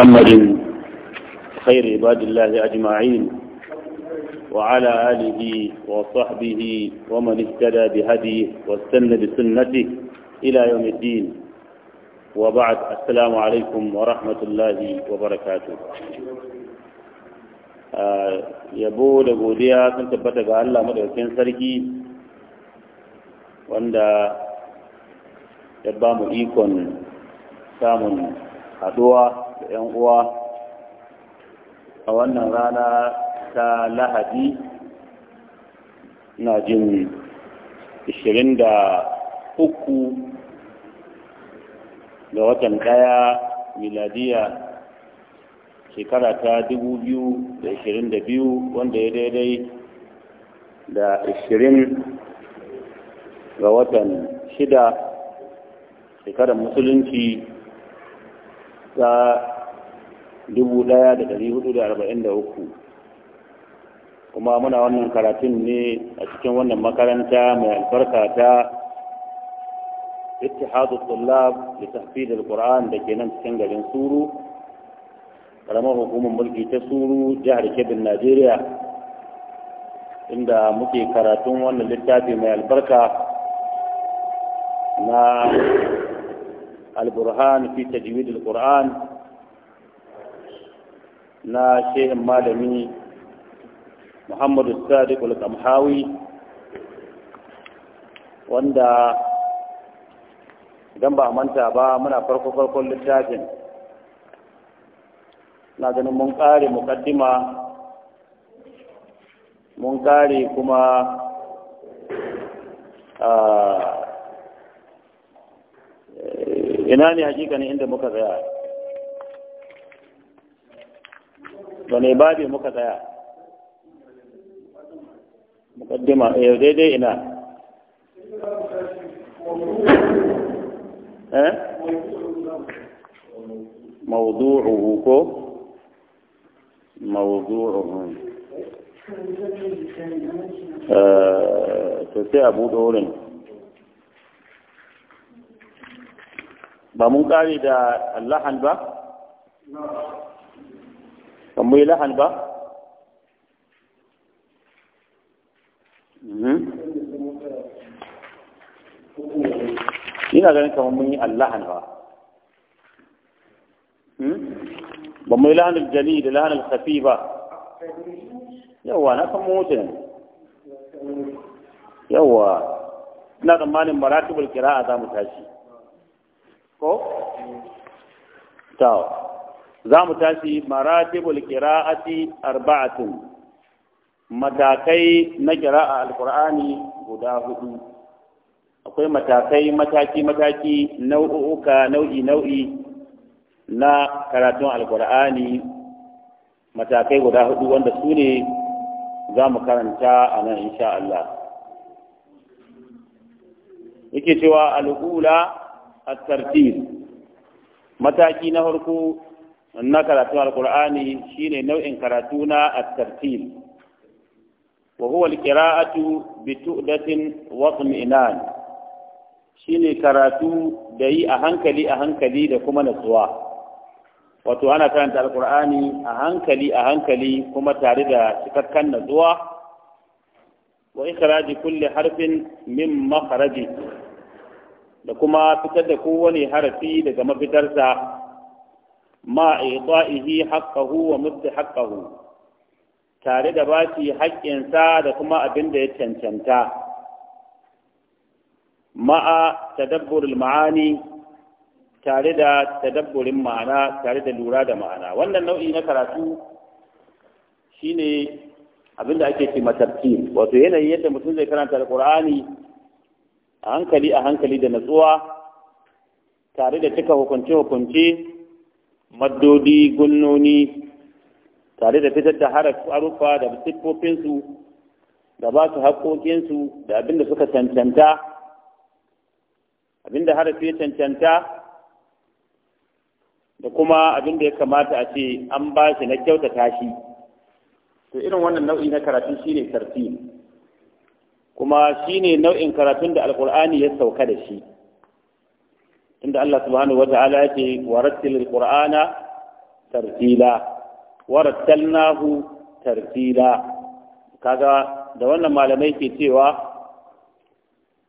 محمد خير عباد الله أجمعين وعلى آله وصحبه ومن اهتدى بهديه واستنى بسنته إلى يوم الدين وبعد السلام عليكم ورحمة الله وبركاته yabo da godiya sun tabbata ga Allah madaukakin sarki wanda ya ba mu da 'yan uwa a wannan rana ta lahadi na jin 23 ga watan ɗaya miladiya shekara ta 2022 wanda ya daidai da 20 ga watan shida shekarar musulunci ta uku. kuma muna wannan karatun ne a cikin wannan makaranta mai albarka ta ittihadu tullab li tahfid alquran da ke nan cikin garin suru karamar hukumar mulki ta suru jihar kebin najeriya inda muke karatun wannan littafi mai albarka na alburhan fi tajwid alquran na shehin malami muhammadu sadiq al-kamhawi wanda idan ba manta ba muna farko farkon littafin na ganin mun kare mukaddima mun kare kuma ah, eh, ina ne hakikanin inda muka tsaya wane babi muka tsaya mukaddima eh daidai ina eh mawdu'uhu ko mawdu'uhu to sai abu dorin ba mun kare da allahan ba ba mu yi lahan ba mhm. ina ganin kamar mun yi allahan ba hmm? ba mu yi lahan aljali da lahan alkhafi ba yawa na kan mota ne yawa ina tsammanin maratibul kira'a za mu tashi ko? tawa za mu tashi maratibul qira'ati arba'atun matakai na qira'a alqur'ani guda hudu akwai matakai mataki mataki nau'uka nau'i nau'i na karatun alqur'ani matakai guda hudu wanda su ne za mu karanta a nan insha Allah yake cewa al'ula at-tartil mataki na farko na karatu alqur'ani shine nau'in karatu na at-tartil wa huwa al bi tu'datin wa inan shine karatu da yi a hankali a hankali da kuma natsuwa wato ana karanta alkur'ani a hankali a hankali kuma tare da cikakken natsuwa wa ikhraji kulli harfin min makharaji da kuma fitar da kowane harafi daga mafitarsa ma iqa'ihi haqqahu wa mudda haqqahu tare da bashi haƙƙinsa da kuma abin da ya cancanta ma'a tadabburul ma'ani tare da tadabburin ma'ana tare da lura da ma'ana wannan nau'i na karatu shine abin da ake ce matarti wato yanayin yadda mutum zai karanta Al-Ƙur'ani a hankali a hankali da natsuwa tare da cika hukunce hukunce maddodi gunnoni tare da fitar da harufa da siffofinsu da ba su haƙoƙinsu da abin da suka cancanta abin da harafi ya cancanta da kuma abin da ya kamata a ce an ba shi na kyautata shi to irin wannan nau'i na karatu shine tartib kuma shine nau'in karatun da alkur'ani ya sauka da shi Tunda Allah subhanahu wata'ala ya ce warattil qur'ana tartila rattalnahu tartila kaga da wannan malamai ke cewa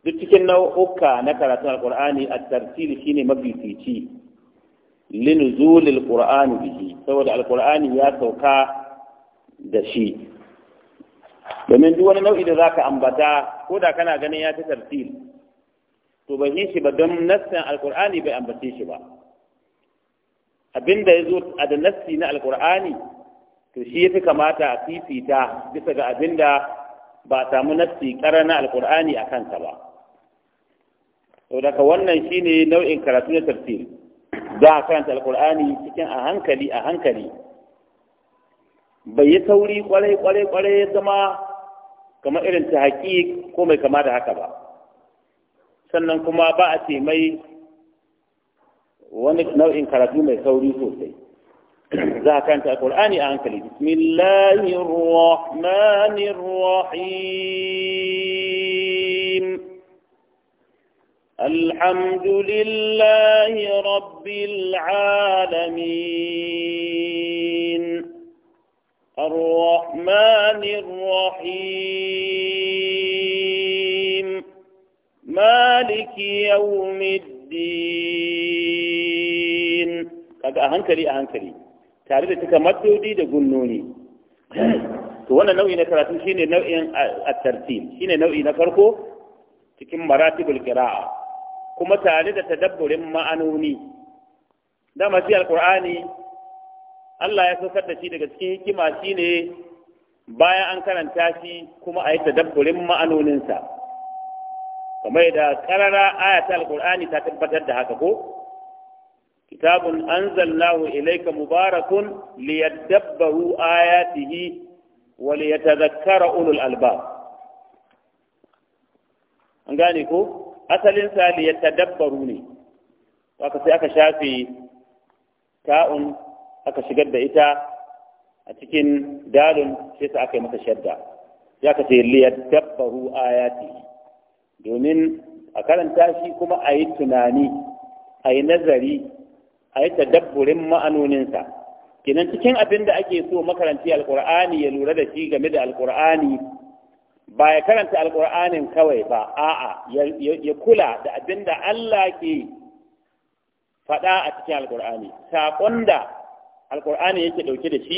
duk cikin nau'uka na karatun alqur'ani at-tartil shine mabitici linzulil qur'ani bihi saboda alqur'ani ya sauka da shi domin duk wani nau'i da zaka ambata ko da kana ganin ya fi tartil to ban yi shi ba don nassin alkur'ani bai ambace shi ba abinda ya zo a da nassi na alkur'ani to shi yafi kamata a fifita bisa ga abin da ba a samu nassi ƙara na alkur'ani a kansa ba to daga wannan shine nau'in karatu na tafsir za a karanta alkur'ani cikin a hankali a hankali bai yi sauri kwarai kwarai kwarai ya zama kamar irin ta haƙi ko mai kama da haka ba sannan kuma ba a ce mai wani nau'in karatu mai sauri sosai za a kanta alkur'ani a hankali bismillahirrahmanirrahim alhamdulillahi rabbil alamin الرحمن الرحيم maliki يوم الدين kaga a hankali a hankali tare da cika maddodi da gunnoni to wannan nau'i na karatu shine nau'in at-tartil shine nau'i na farko cikin maratibul qira'a kuma tare da tadabburin ma'anoni dama shi alqur'ani Allah ya saukar da shi daga cikin hikima shine bayan an karanta shi kuma a yi tadabburin ma'anoninsa kamar da karara ayatul alkur'ani ta tabbatar da haka ko kitabun anzalnahu ilayka mubarakun liyadabbaru ayatihi wa liyatadhakkara ulul albab an gane ko asalin sa liyatadabbaru ne haka sai aka shafe ta'un aka shigar da ita a cikin dalun sai sa aka yi masa shadda ya ka ce liyadabbaru ayatihi domin a karanta shi kuma a yi tunani a yi nazari a yi tadabburin ma'anoninsa kinan cikin abin da ake so makaranci alkur'ani ya lura da shi game da alkur'ani ba ya karanta alkur'anin kawai ba a'a ya kula da abin da allah ke faɗa a cikin alkur'ani saƙon da alkur'ani yake ɗauke da shi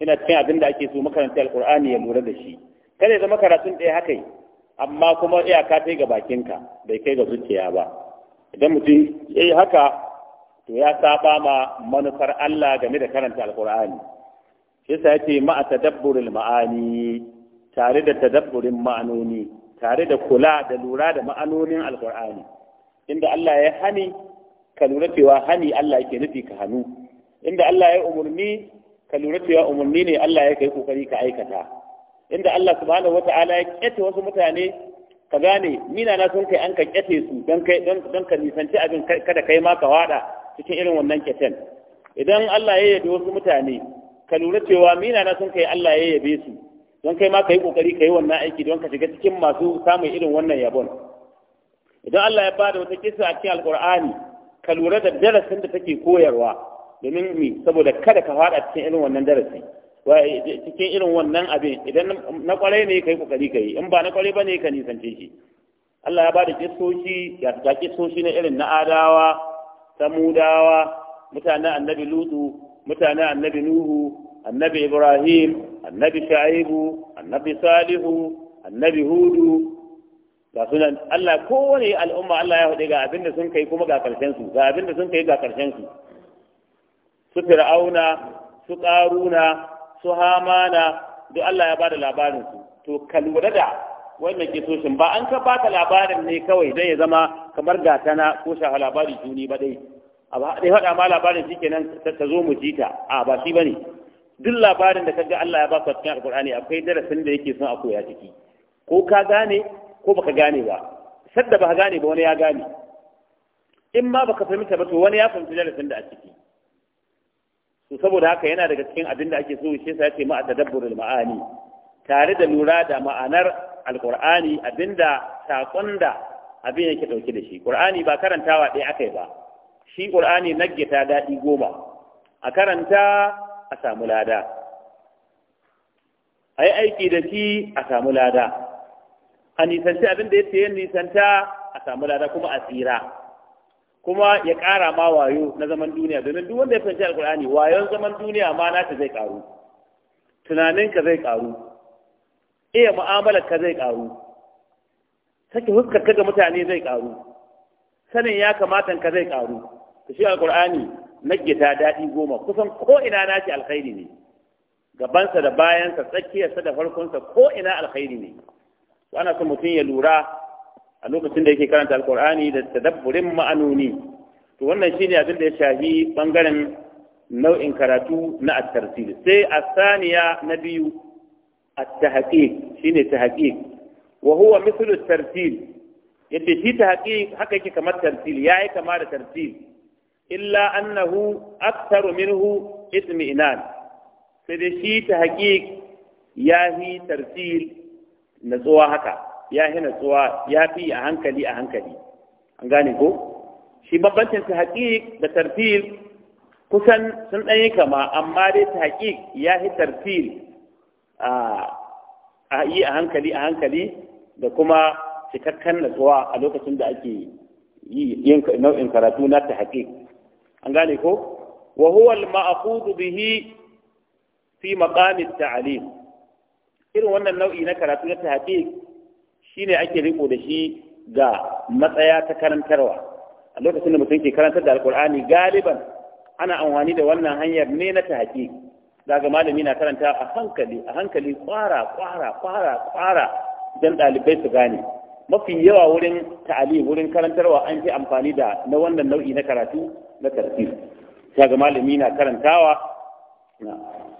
ina cikin abin da ake so makaranci alkur'ani ya lura da shi kada ya zama karatun ɗaya haka amma kuma iyaka ta ga bakinka bai kai ga zuciya ba idan mutum ya yi haka to ya saba ma manufar Allah game da karanta alkur'ani shi yasa yace ma'a tadabburil ma'ani tare da tadabburin ma'anoni tare da kula da lura da ma'anonin alkur'ani inda Allah ya hani ka lura cewa hani Allah yake nufi ka hannu inda Allah ya umurni ka lura cewa umurni ne Allah ya kai kokari ka aikata inda Allah subhanahu wata'ala ya kyace wasu mutane ka gane mina na sun kai an ka kyace su don kai don ka nisanci abin kada kai ma ka wada cikin irin wannan kyacen idan Allah ya yabi wasu mutane ka lura cewa mina na sun kai Allah ya yabe su don kai ma ka yi kokari ka yi wannan aiki don ka shiga cikin masu samun irin wannan yabon idan Allah ya bada wata kisa a cikin alkur'ani ka lura da darasin da take koyarwa domin mi saboda kada ka fada cikin irin wannan darasi cikin irin wannan abin idan na kwarai ne kai kokari kai in ba na kwarai bane ka nisance shi Allah ya ba da kisoshi ya ta kisoshi na irin na adawa samudawa mutanen annabi lutu mutanen annabi nuhu annabi ibrahim annabi sha'ibu annabi salihu annabi hudu ga sunan Allah kowane al'umma Allah ya hudu ga abin da sun kai kuma ga karshen su ga abin da sun kai ga karshen su su fir'auna su ƙaruna su hamana duk Allah ya bada labarin su to ka lura da wannan ke soshin ba an ka baka labarin ne kawai dan ya zama kamar gatana ko shafa labarin juni ba dai a ba dai faɗa ma labarin shi kenan ta zo mu ji ta a ba shi bane duk labarin da kaga Allah ya baka cikin alkur'ani akwai darasin da yake son a koya ciki ko ka gane ko baka gane ba sadda ka gane ba wani ya gane in ma baka fahimta ba to wani ya fahimci darasin da a ciki to saboda haka yana daga cikin abin da ake so shi sai yace ma tadabburul ma'ani tare da lura da ma'anar alqur'ani abinda sakon da abin yake dauke da shi qur'ani ba karantawa ɗaya akai ba shi qur'ani ta daɗi goma a karanta a samu lada ai aiki da shi a samu lada a nisanci abin da ya ce nisanta a samu lada kuma a tsira kuma ya ƙara ma wayo na zaman duniya domin duk wanda ya fahimci Alƙur'ani wayon zaman duniya ma nata zai ƙaru tunaninka zai ƙaru iya ka zai ƙaru sake ka ga mutane zai ƙaru sanin ya kamata ka zai ƙaru ta shi alkur'ani gita daɗi goma kusan ko ina nashi alkhairi ne gabansa da bayansa tsakiyarsa da farkonsa ko ina alkhairi ne ana so mutum ya lura a lokacin da yake karanta alkur'ani da tadabburin ma'anoni to wannan shine abin da ya shafi bangaren nau'in karatu na at-tartil sai asaniya na biyu at-tahqiq shine tahqiq wa huwa mithlu at-tartil yadda shi tahqiq haka yake kamar tartil yayi kama da tartil illa annahu aktharu minhu itmi'nan sai da shi tahqiq yahi tartil natsuwa haka ya hina tsuwa ya fi a hankali a hankali an gane ko shi babbancin ta haƙiƙ da tartil kusan sun ɗanyi kama amma dai ta haƙiƙ ya fi tartil a yi a hankali a hankali da kuma cikakken natsuwa a lokacin da ake yin nau'in karatu na ta haƙiƙ an gane ko wa huwa bihi fi maƙamin ta'alim irin wannan nau'i na karatu na haƙiƙ shi ne ake riko da shi ga matsaya ta karantarwa a lokacin da mutum ke karantar da alkur'ani galiban ana amfani da wannan hanyar ne na ta haƙi daga malami na karanta a hankali a hankali kwara kwara kwara kwara don ɗalibai su gane mafi yawa wurin ta'ali wurin karantarwa an fi amfani da na wannan nau'i na karatu na tartib daga malami na karantawa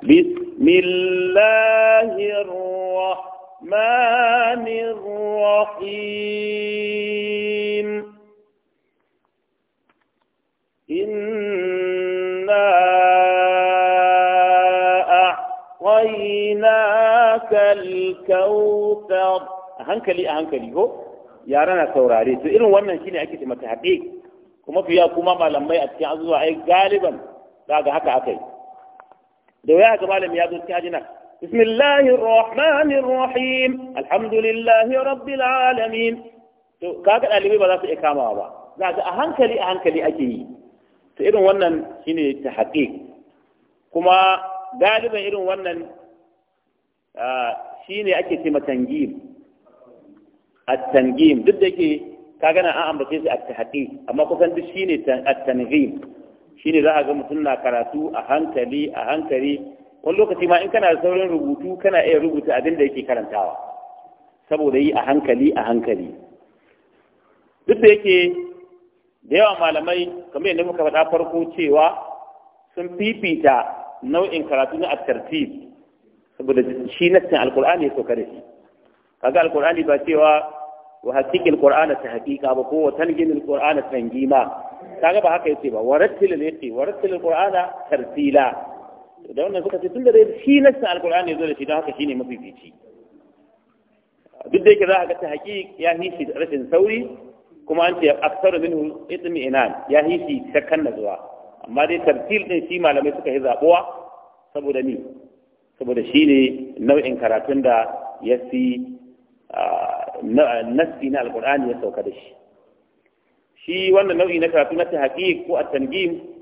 bismillahir الرحمن الرحيم إنا أعطيناك الكوثر hankali a hankali ko yara na saurare to irin wannan shine ake ce mata haɗe kuma fiya kuma malamai a cikin azuwa ai galiban za ga haka aka yi da waya ga malam ya zo cikin ajinan بسم الله الرحمن الرحيم الحمد لله رب العالمين ba za su iya kamawa ba za ga a yi wannan shine kuma galiban irin wannan shine ake at-tangim duk da yake kaga an ambace shi at-tahqiq amma kusan duk shine at shine za a ga mutum na karatu a hankali a hankali wani lokaci ma in kana da saurin rubutu kana iya rubuta abin da yake karantawa saboda yi a hankali a hankali duk da yake da yawa malamai kamar yadda muka faɗa farko cewa sun fifita nau'in karatu na at-tartib saboda shi nassin alkur'ani ya sauka da shi kaga alkur'ani ba cewa wa haqiqil qur'ana ta haqiqa ba ko wa tanjimil qur'ana tanjima kaga ba haka yace ba wa wa yace warattil qur'ana tartila da wannan suka ce tunda dai shi nassin alkur'ani ya zo da shi don haka shine mafifici duk da yake za a ga ta haƙi ya hishi rashin sauri kuma an ce aksaru minhu inan ya shi shakkan na zuwa. amma dai tartil din shi malamai suka yi zaɓuwa saboda ni saboda shi ne nau'in karatun da ya fi nassi na alkur'ani ya sauka da shi shi wannan nau'i na karatu na ta haƙi ko a tangim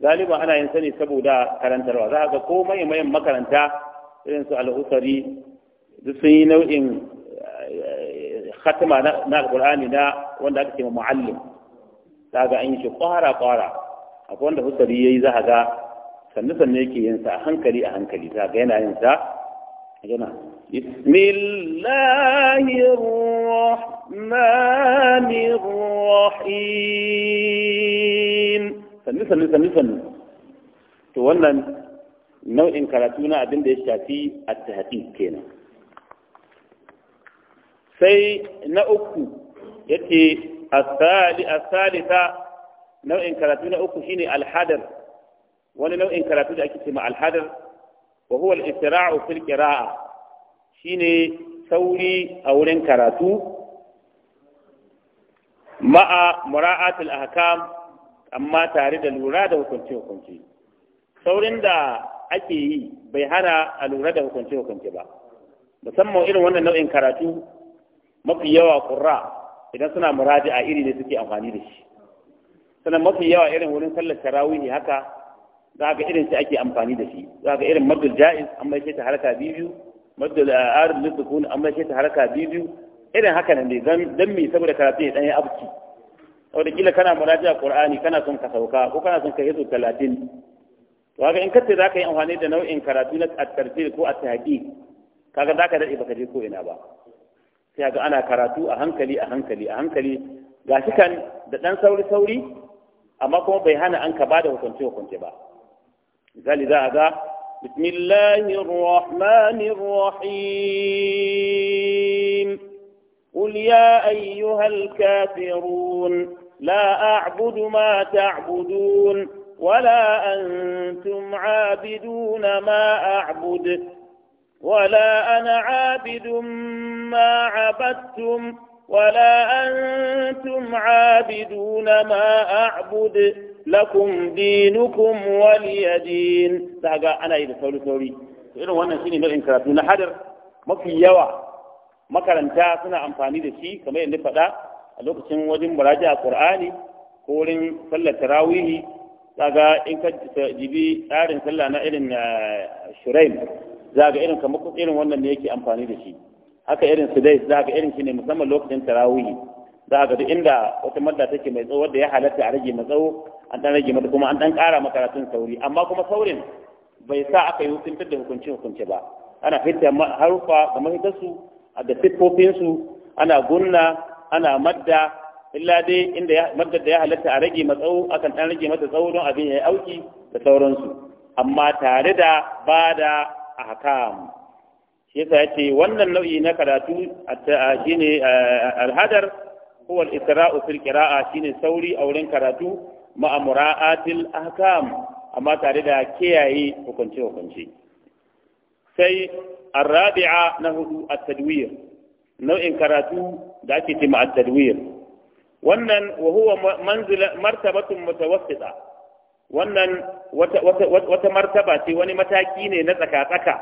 galiba ana yin sani saboda karantarwa za ga ko mayan makaranta irin su al'usari duk sun yi nau'in eh, khatima na alqur'ani na wanda aka ce muallim za ga an yi shi kwara kwara akwai wanda husari yayi za ga sannu sannu yake yin sa a hankali a hankali za ga yana yin sa yana bismillahirrahmanirrahim sannu sannu sannu sannu to wannan nau'in karatu na abin da ya shafi a kenan sai na uku yake asalita nau'in karatu na uku shine alhadar wani nau'in karatu da ake cewa alhadar wa huwa al-isra'u fil qira'a shine sauri a wurin karatu ma'a mura'atul ahkam amma tare da lura da hukunce-hukunce saurin da ake yi bai hana a lura da hukunce-hukunce ba musamman irin wannan nau'in karatu mafi yawa ƙura idan suna a iri ne suke amfani da shi sannan mafi yawa irin wurin sallar tarawihi haka za ga irin shi ake amfani da shi za ga irin maddul ja'iz an mai ta haraka biyu maddul eh, arid lisukun an mai ta haraka biyu irin haka ne dan me saboda karatu ya dan ya abci saboda kila kana muraja qur'ani kana son ka sauka ko kana son ka yi talatin to haka in kace zaka yi amfani da nau'in karatu na at-tartil ko at tahdi kaga zaka dade baka je ko ina ba sai ga ana karatu a hankali a hankali a hankali gashi kan da dan sauri sauri amma kuma bai hana an ka bada hukunci hukunci ba misali za a ga bismillahir rahmanir rahim قل يا أيها الكافرون لا أعبد ما تعبدون ولا أنتم عابدون ما أعبد ولا أنا عابد ما عبدتم ولا أنتم عابدون ما أعبد لكم دينكم ولي دين سأقع أنا إذا سوري سوري إذن وانا شيني نرين كراتون حدر ما في يوا makaranta suna amfani da shi kamar yadda faɗa a lokacin wajen baraji a ƙur'ani ko wurin sallar tarawihi zaga in ka jibi tsarin sallah na irin eh, shuraim zaga irin kamar irin wannan ne yake amfani da shi haka irin su dai zaga irin shi ne musamman lokacin tarawihi zaga duk inda wata madda take mai tsawo da ya halatta a rage matsawo an dan rage mata kuma an dan kara makaratun sauri amma kuma saurin bai sa aka yi hukuntar da hukunci hukunci ba ana fitta harufa da a da siffofinsu ana gunna ana madda illa dai inda madda da ya halatta a rage matsawo akan dan rage mata tsawo don abin ya yi auki da sauransu amma tare da ba da ahkam shi yasa yace wannan nau'i na karatu shine alhadar huwa al-isra'u fil qira'a shine sauri a wurin karatu ma'a mura'atil ahkam amma tare da kiyaye hukunce hukunce sai الرابعة a التدوير nau'in karatu da ake ce ma tadwir wannan wa huwa manzila martabatun mutawassita wannan wata wata martaba ce wani mataki ne na tsaka-tsaka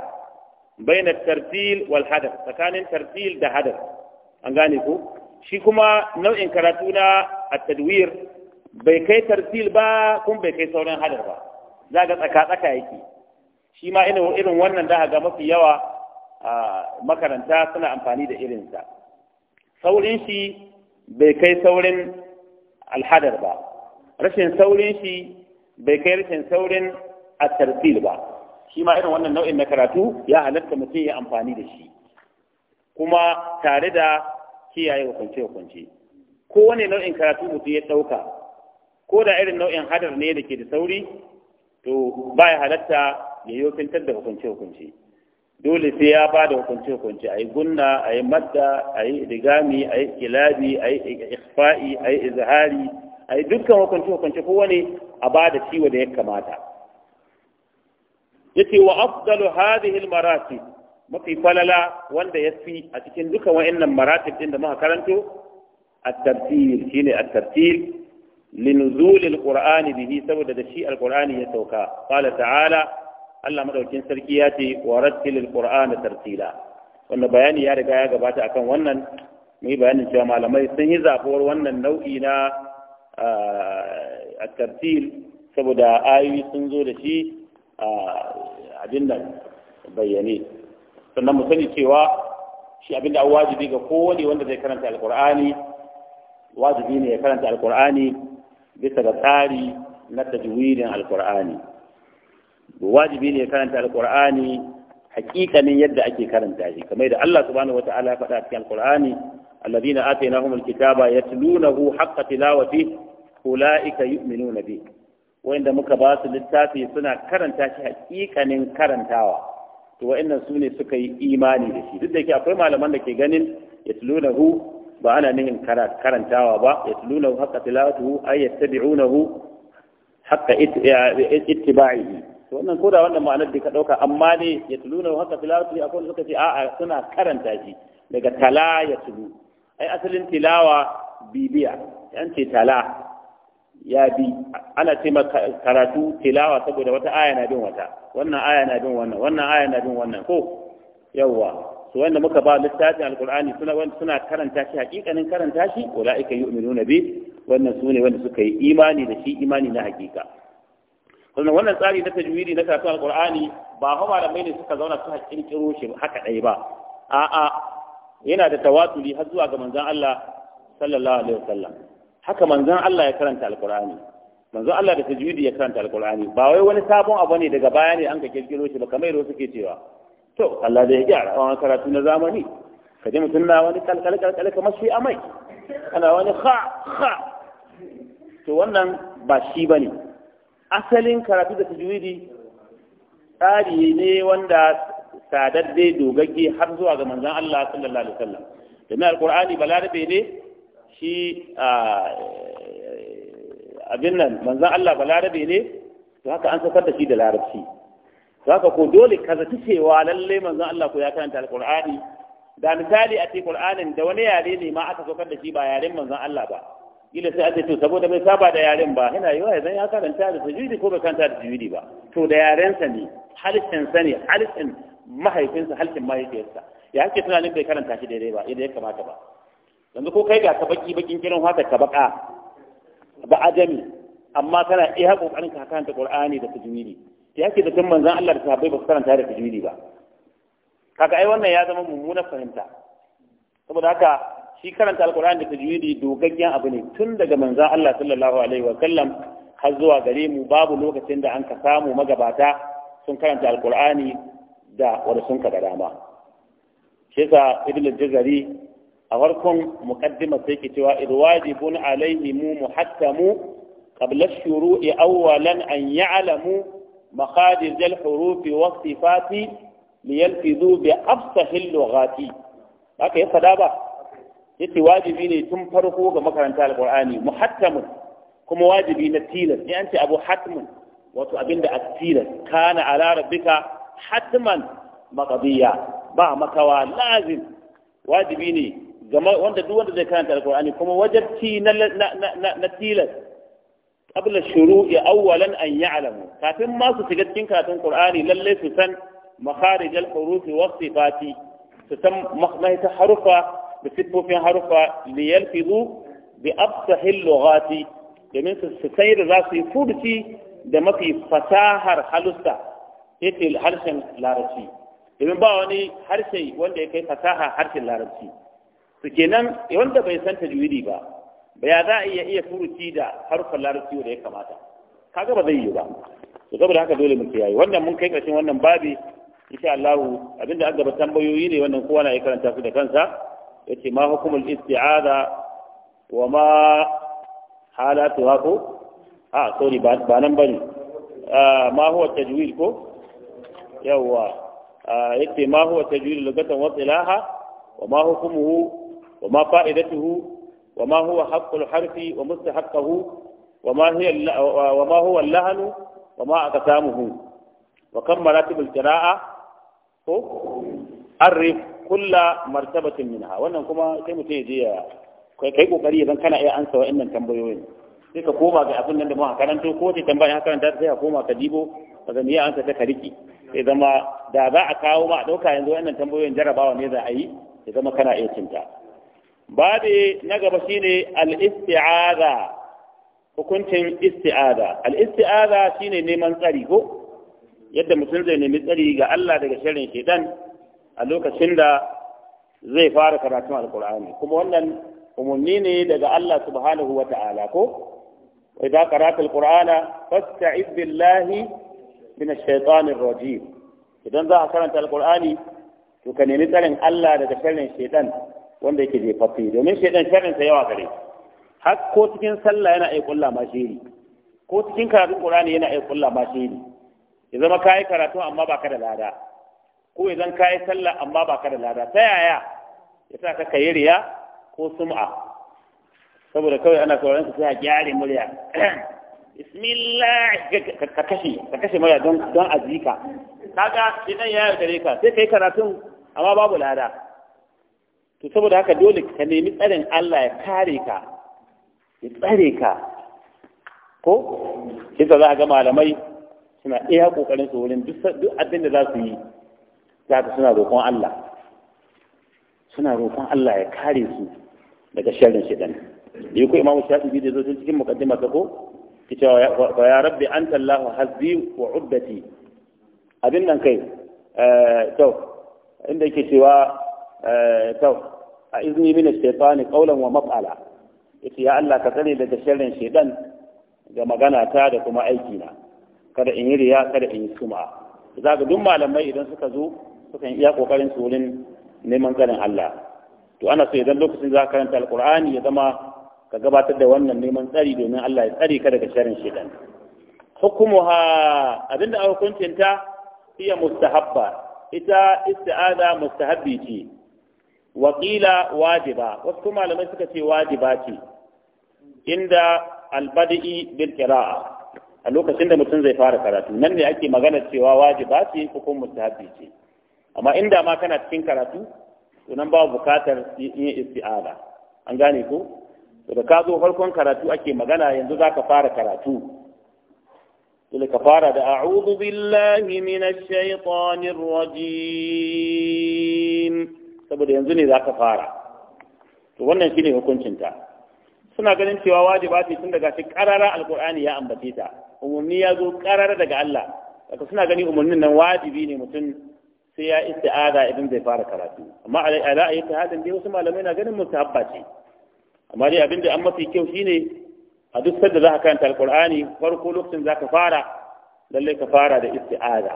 baina tartil wal hadar, tsakanin tartil da hadar. an gane ku, shi kuma nau'in karatu na at-tadwir bai kai tartil ba kuma bai kai sauran hadar ba za ga tsaka-tsaka yake shi ma irin wannan da ga mafi yawa makaranta suna amfani da irinsa saurin shi bai kai saurin alhadar ba rashin saurin shi bai kai rashin saurin atarfil ba shi ma irin wannan nau'in na karatu ya halatta mutum ya amfani da shi kuma tare da kiyaye hukunce-hukunce kowane nau'in karatu mutum ya ɗauka ko da irin nau'in hadar ne da ke da sauri to ba ya halatta ya yofintar da hukunce-hukunce dole sai ya ba da hukunce-hukunce a yi gunna a yi madda a yi rigami a yi kilabi a yi ikfa'i a yi izahari a yi dukkan hukunce-hukunce kowane a ba da ciwo da ya kamata yace wa afdalu hadhihi almaratib mafi falala wanda ya fi a cikin dukkan wa'annan maratib din da muka karanto at-tartil shine at-tartil linuzul alqur'ani bihi saboda da shi Alƙur'ani ya sauka qala ta'ala Allah madaukin sarki ya ce wa rattilil qur'ana tartila Wannan bayani ya riga ya gabata akan wannan mai bayanin cewa malamai sun yi zabuwar wannan nau'i na a tartil saboda ayoyi sun zo da shi a abin nan bayyane sannan mu sani cewa shi abin da an wajibi ga kowane wanda zai karanta alkur'ani wajibi ne ya karanta alkur'ani bisa ga tsari na tajwidin alkur'ani wajibi ne karanta alqur'ani hakikanin yadda ake karanta shi kamar da Allah subhanahu wataala ya faɗa cikin alqur'ani alladhina atainahum alkitaba yatlunahu haqqa tilawati ulaika yu'minuna bi wanda muka ba su littafi suna karanta shi hakikanin karantawa to wa'annan su ne suka yi imani da shi duk da yake akwai malaman da ke ganin yatlunahu ba ana nihin karantawa ba yatlunahu haqqa tilawatihi ay yattabi'unahu haqqa ittiba'ihi to wannan ko da wannan ma'anar da ka ɗauka amma ne ya tulu na haka tilawatu akwai suka ce a'a suna karanta shi daga tala ya tulu ai asalin tilawa bibiya yan ce tala ya bi ana ce karatu tilawa saboda wata aya na bin wata wannan aya na bin wannan wannan aya na bin wannan ko yawwa su wanda muka ba littafin alkur'ani suna wanda suna karanta shi hakikanin karanta shi ulaika yu'minuna bi wannan su ne wanda suka yi imani da shi imani na hakika kuma wannan tsari na tajwidi na karatu alqur'ani ba hawa da mai ne suka zauna suka kirkiro shi haka dai ba a'a yana da tawatuli har zuwa ga manzon Allah sallallahu alaihi wasallam haka manzon Allah ya karanta alqur'ani manzon Allah da tajwidi ya karanta alqur'ani ba wai wani sabon abu ne daga baya ne an ka kirkiro shi ba kamar yadda suke cewa to Allah da ya gyara wannan karatu na zamani ka ji mutum na wani kalkal kalkal kamar shi amai ana wani kha kha to wannan ba shi bane asalin karatu da tajwidi tsari ne wanda sadadde dogagge har zuwa ga manzon Allah sallallahu alaihi wasallam domin alqur'ani balarabe ne shi abin nan manzon Allah balarabe ne to haka an sakar da shi da larabci haka ko dole ka zaci cewa lalle manzon Allah ko ya karanta alqur'ani da misali a cikin qur'anin da wani yare ne ma aka saukar da shi ba yaren manzon Allah ba ila sai aka to saboda bai saba da yaren ba yana yiwa idan ya karanta da tajwidi ko bai karanta da tajwidi ba to da yarensa ne halshensa ne halshen mahaifinsa halshen mahaifiyarsa ya ake tunanin bai karanta shi daidai ba idan ya kamata ba yanzu ko kai ga ka baki bakin kiran haka ka baka ba ajami amma kana iya kokarin ka karanta qur'ani da tajwidi ya ke da kan manzon Allah da sahabbai ba su karanta da tajwidi ba kaga ai wannan ya zama mummunar fahimta saboda haka shi karanta alkur'ani da tajwidi dogaggen abu ne tun daga manzon Allah sallallahu alaihi wa sallam har zuwa gare mu babu lokacin da an ka samu magabata sun karanta alkur'ani da wani sun ka dama shi yasa ibn jazari a farkon muqaddima sai ke cewa irwajibun alaihi mu muhattamu qabla shuru'i awwalan an ya'lamu makharij al-huruf wa sifati liyalfizu bi afsahil fada ba yace wajibi ne tun farko ga makaranta alqur'ani muhattamun kuma wajibi na tilas ne an ce abu hatmun wato abinda a tilas kana ala rabbika hatman maqdiya ba makawa lazim wajibi ne gama wanda duk wanda zai karanta alqur'ani kuma wajibci na na tilas qabla shuru'i awwalan an ya'lamu kafin ma su shiga cikin karatun qur'ani lalle su san makharij al-huruf wa sifati su san mahita harufa da siffofin harufa liyalfizu bi absahil lughati domin su sai da za su yi furci da mafi fasahar halusta yace harshen larabci domin ba wani harshe wanda ya kai fasaha harshen larabci su kenan wanda bai san ta tajwidi ba ya za a iya iya furuci da harfin larabci da ya kamata kaga ba zai yi ba to saboda haka dole mu kiyaye wannan mun kai karshen wannan babi insha Allah abinda aka gaba tambayoyi ne wannan kowa na ya karanta su da kansa yace ma hukumul isti'aza wa ma halatu hako a sorry ba nan bane ma huwa tajwid ko yawa yace ma huwa tajwid lugatan wa ilaha wa ma hukumuhu wa ma fa'idatuhu wa ma huwa haqqul harfi wa mustahaqqahu wa ma hiya wa ma huwa al-lahnu wa ma aqsamuhu wa kam maratibul qira'a ko arif kulla martabatin minha wannan kuma sai mutum ya je ya kai kokari ya zan kana iya ansa wa'annan tambayoyin sai ka koma ga abin nan da muka karanto ko ta tambaya haka da sai ka koma ka dibo kaga me ya ansa ta kariki sai zama da za a kawo ma a dauka yanzu wa'annan tambayoyin jarabawa ne za a yi sai zama kana iya cinta Ba babi na gaba shine al-isti'aza hukuncin isti'aza al-isti'aza shine neman tsari ko yadda mutum zai nemi tsari ga Allah daga sharrin shedan a lokacin da zai fara karatun alkur'ani kuma wannan umarni ne daga Allah subhanahu wa ta'ala ko wa idza qara'ta alqur'ana fasta'id billahi min ash-shaytanir rajim idan za ka karanta alkur'ani to ka nemi tsarin Allah daga sharrin shaytan wanda yake jefaffe domin shaytan sharrin sa yawa gare har ko cikin sallah yana iya kulla ko cikin karatun qur'ani yana iya kulla ma ya zama kai karatu amma baka da lada ko idan zan kayi sallah amma ba ka da lada ta yaya ya sa ka kayi riya ko sum'a saboda kawai ana sauraron ka sai a gyare murya bismillah ka kashe ka kashe murya don don azika kaga idan ya dare ka sai kai karatun amma babu lada to saboda haka dole ka nemi tsarin Allah ya kare ka ya tsare ka ko yadda za ga malamai suna iya kokarin su wurin duk abin da za su yi zaka suna roƙon Allah suna roƙon Allah ya kare su daga sharrin shaitan da yake imamu shafi'i da zo cikin mukaddima ta ko kice wa ya rabbi anta Allah hazbi wa ubbati abin nan kai eh, to inda yake cewa eh, to a izni min shaitan qawlan wa maf'ala yace ya Allah ka tsare daga sharrin shaitan ga magana ta da kuma aiki na kada in yi riya kada in yi suma zaka duk malamai idan suka zo sukan iya kokarin su wurin neman tsarin Allah to ana so idan lokacin za ka karanta alqur'ani ya zama ka gabatar da wannan neman tsari domin Allah ya tsare ka daga sharrin shaitan hukumuha abinda a hukuncinta hiya mustahabba ita isti'aza mustahabbi ce wakila wajiba wasu malamai suka ce wajiba ce inda albadi'i bil qira'a a lokacin da mutum zai fara karatu nan ne ake magana cewa wajiba ce ko mustahabbi ce amma inda ma kana cikin karatu to nan babu bukatar yin isti'aza an gane ko to da ka zo farkon karatu ake magana yanzu za ka fara karatu dole ka fara da a'udhu billahi minash shaitanir rajim saboda yanzu ne za ka fara to wannan shine hukuncin ta suna ganin cewa wajiba ce tun daga shi karara alqur'ani ya ambace ta umurni ya zo karara daga Allah suna gani umurnin nan wajibi ne mutum sai ya isti'aza idan zai fara karatu amma a ra'ayi ta hadin dai wasu malamai na ganin mustahabba ce amma dai abin an mafi kyau shine a duk sanda za ka karanta alqur'ani farko lokacin za ka fara lallai ka fara da isti'aza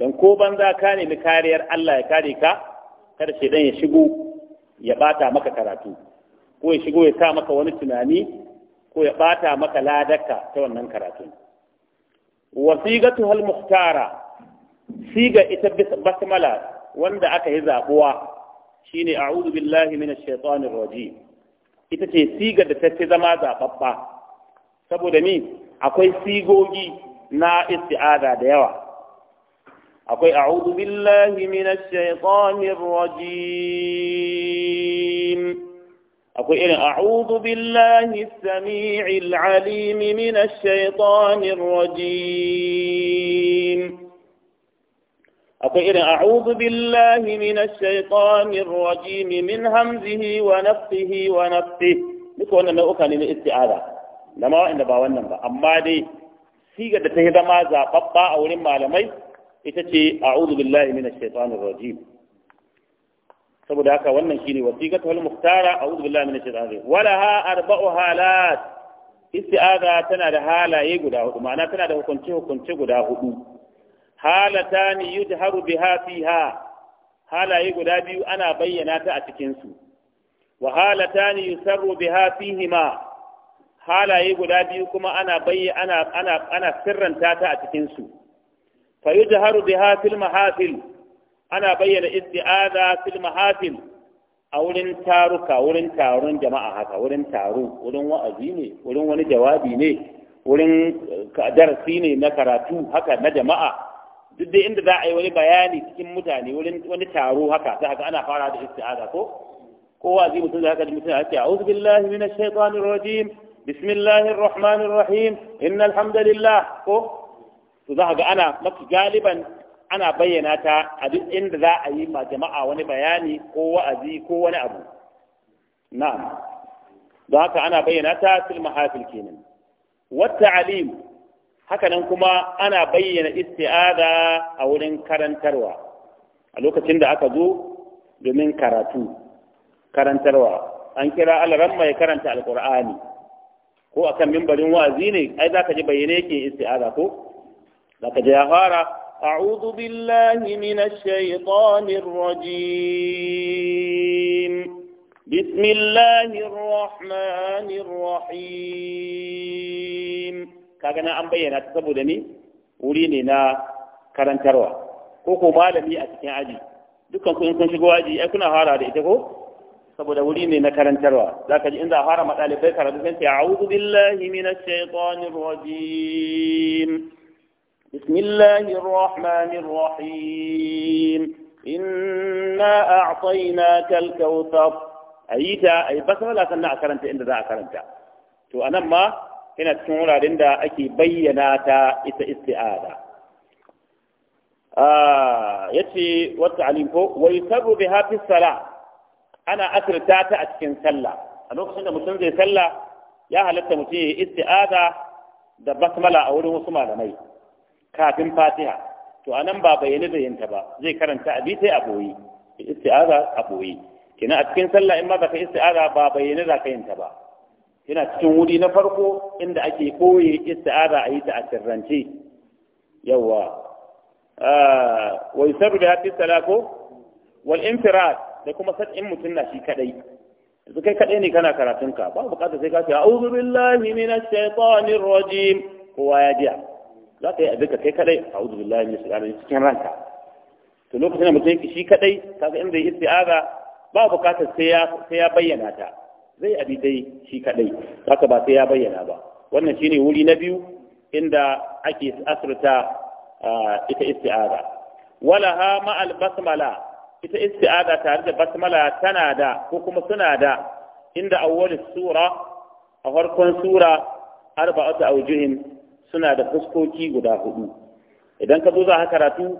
dan ko ban za ka nemi kariyar Allah ya kare ka kada shedan ya shigo ya bata maka karatu ko ya shigo ya sa maka wani tunani ko ya bata maka ladaka ta wannan karatu wasiqatu hal muhtara siga ita basmala wanda aka yi zabuwa shine a'udhu billahi minash shaitanir rajim ita ce siga da ta fi zama zaɓaɓɓa saboda ni akwai sigogi na isti'ada da yawa akwai a'udhu billahi minash shaitanir rajim irin إن billahi بالله sami'il العليم من الشيطان الرجيم أقول أعوذ بالله من الشيطان الرجيم من همزه ونفه ونفه نكون أنا أكن من استعادة لما إن باون نبا أما دي سيجا تهدا ما زاب بابا أو لما علمي إتشي أعوذ بالله من الشيطان الرجيم سبو داكا ونن شيني وسيجا تهل مختارة أعوذ بالله من الشيطان الرجيم ولها أربع حالات استعادة تنا رحالة يجودا هو معناتنا ده كنتي هو كنتي هو halatani yudharu biha fiha halaye guda biyu ana bayyana ta a cikinsu wa halatani yusarru biha fihima halaye guda biyu kuma ana bayyana ana ana ana sirranta ta a cikinsu fa yudharu biha fil mahafil ana bayyana isti'aza fil mahafil a wurin taruka wurin taron jama'a haka wurin taro wurin wa'azi ne wurin wani jawabi ne wurin eh, darasi ne na karatu haka na jama'a duk da inda za a yi wani bayani cikin mutane wani taro haka za ga ana fara da isti'aza ko kowa zai mutum da haka da mutum ake a'udhu billahi minash shaitanir rajim bismillahir rahmanir rahim innal hamdalillah ko to za ga ana mafi galiban ana bayyana ta a duk inda za a yi ma jama'a wani bayani ko wa'azi ko wani abu na'am don haka ana bayyana ta fil mahafil kenan wata alim hakanan kuma ana bayyana isti'ada a wurin karantarwa a lokacin da aka zo domin karatu karantarwa an kira alaran mai karanta alkur'ani ko akan mimbarin wa'azi ne ai zaka ji bayyane yake isti'ada ko ka ji ya fara أعوذ بالله من الشيطان الرجيم بسم الله الرحمن الرحيم kaga na an bayyana ta saboda ni wuri ne na karantarwa ko ko malami a cikin aji dukkan ku kun shigo aji ai kuna fara da ita ko saboda wuri ne na karantarwa zaka ji in za a fara madalibai karatu sai a'udhu billahi minash shaitanir rajim bismillahir rahmanir rahim inna a'tainaka kawthar ayita ay basmala sannan a karanta inda za a karanta to anan ma yana cikin wuraren da ake bayyana ta ita isti'ada ah, ya ce wata alimfo wai sabu bi hafi sala ana asirta ta a cikin sallah a lokacin da mutum zai sallah ya halatta mutum ya isti'ada da basmala a wurin wasu malamai kafin fatiha to a nan ba bayyane da yinta ba zai karanta a sai a boye isti'aza a boye kina a cikin sallah in ma baka isti'aza ba bayyane za ka yinta ba yana cikin wuri na farko inda ake ɓoye isti'aza a yi ta a sirrance yawa ah, Wai yusaru da hafi salako wal infirad da kuma sat'in mutum na shi kadai yanzu kai kadai ne kana karatunka? ka ba bukata sai ka ce a'udhu billahi minash shaitanir rajim kowa ya jiya za ka yi azuka kai kadai a'udhu billahi minash shaitanir rajim cikin ranka to lokacin da mutum yake shi kadai kaga inda yi isti'aza ba bukatar sai ya bayyana ta zai abi dai shi kadai haka ba sai ya bayyana ba wannan shine wuri na biyu inda ake asirta ita isti'ada. wala ha al basmala ita isti'ada tare da basmala tana da ko kuma suna da inda awwal sura a farkon sura arba'atu awjuhin suna da fuskoki guda hudu idan ka zo za ka karatu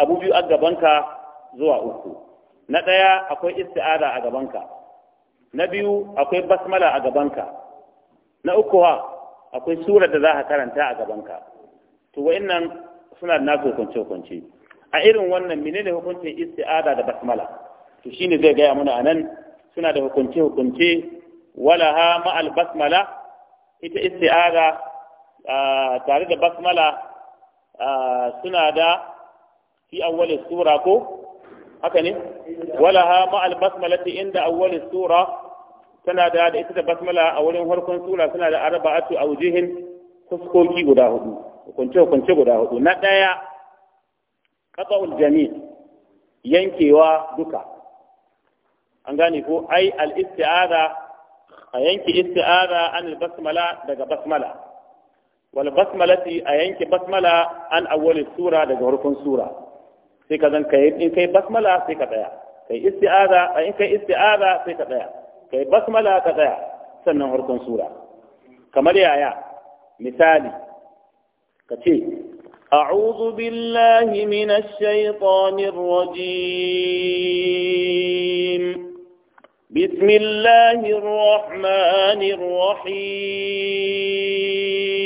abu biyu a gabanka zuwa uku na ɗaya akwai isti'ada a gabanka na biyu akwai basmala a gabanka na uku ha akwai surar da za ka karanta a gabanka to wa'annan suna da nasu hukunce hukunce a irin wannan menene hukuncin isti'ada da basmala to shine zai gaya mana anan suna da hukunce hukunce wala ha ma'al basmala ita isti'ada tare da basmala suna da fi awwalin sura ko haka ne walaha ma'al basmalati inda awwal sura tana da da ita da basmala a wurin farkon sura tana da arba'atu awjihin fuskoki guda hudu hukunce hukunce guda hudu na daya qata'ul jami' yankewa duka an gane ko ai al isti'aza a yanke isti'aza an al basmala daga basmala wal basmalati a yanke basmala an awwal sura daga farkon sura sai ka zan kai in kai basmala sai ka tsaya kai isti'aza in kai isti'aza sai ka tsaya kai basmala ka tsaya sannan harkon sura kamar yaya misali ka ce أعوذ بالله من الشيطان الرجيم بسم الله الرحمن الرحيم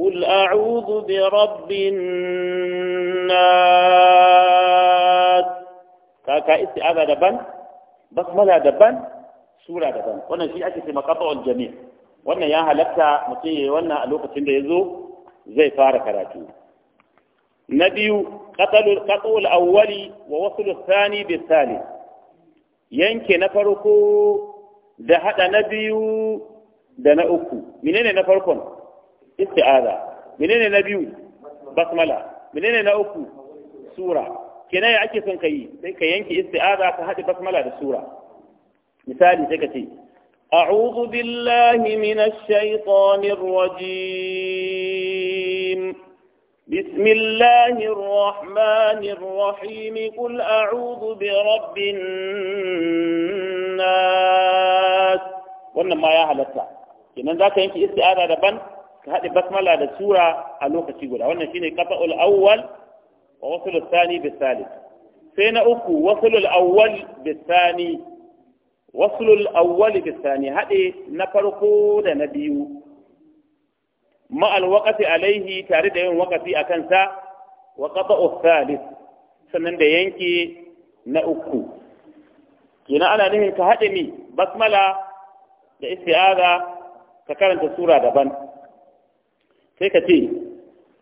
قل أعوذ برب الناس كاكا استعاذة دبان بسملة دبان سورة دبان وانا شيء أكي مقطع الجميع وانا ياها لكا مطيه وانا ألوك تنديزو زي فارك راكي نبي قتل القطو الأولي ووصل الثاني بالثالث ينكي نفركو دهت هذا نبي ده نأكو منين نفركم؟ isti'aza menene na biyu basmala menene na uku sura kenan ya ake son ka yi sai ka yanke isti'aza ka haɗe basmala da sura misali sai ka ce أعوذ بالله من الشيطان الرجيم بسم الله الرحمن الرحيم قل أعوذ برب الناس wannan ma ya halatta kenan za ka yanke isti'ada daban ka haɗe basmala da sura a lokaci guda wannan shine qata'ul awwal wa wasulul thani bis salis sai na uku wasulul awwal bis thani wasulul awwal thani haɗe na farko da na biyu ma'al waqati alaihi tare da yin waqati akan sa wa qata'u thalith sannan da yanke na uku kina ana nufin ka haɗe basmala da isti'aza ka karanta sura daban sai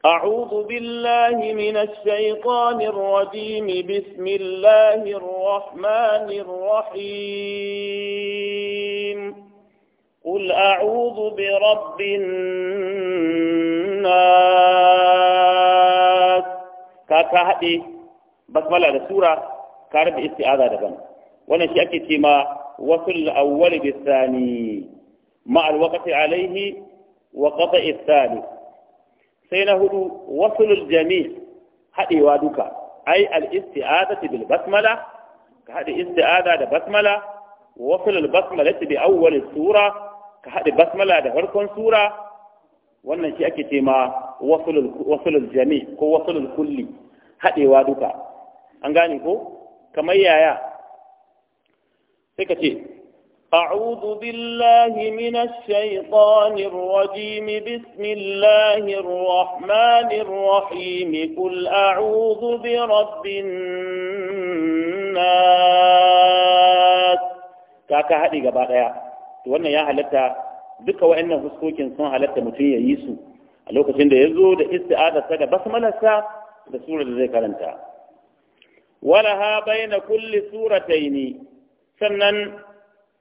أعوذ بالله من الشيطان الرجيم بسم الله الرحمن الرحيم قل أعوذ برب الناس كاكاهدي بسم الله السورة كارب استعاذة دبن وانا شيء أكتي وصل الأول بالثاني مع الوقت عليه وقطع الثالث sai na hudu wasulul jami haɗewa duka ai al-isti'adati bil basmala ka haɗe isti'ada da basmala wasulul basmala bi awwal sura ka haɗe basmala da farkon sura wannan shi ake ce ma wasulul jami ko wasulul kulli haɗewa duka an gane ko kamar yaya sai ka ce أعوذ بالله من الشيطان الرجيم بسم الله الرحمن الرحيم قل أعوذ برب الناس كاكا هذه قبائل يا تونا يا هلتا دك وإن فسقوك إنسان هلتا متي يسوع لو كنت يزود ده استعادة سجى بس ما لسا بسورة ذي كلامتها ولها بين كل سورتين سنن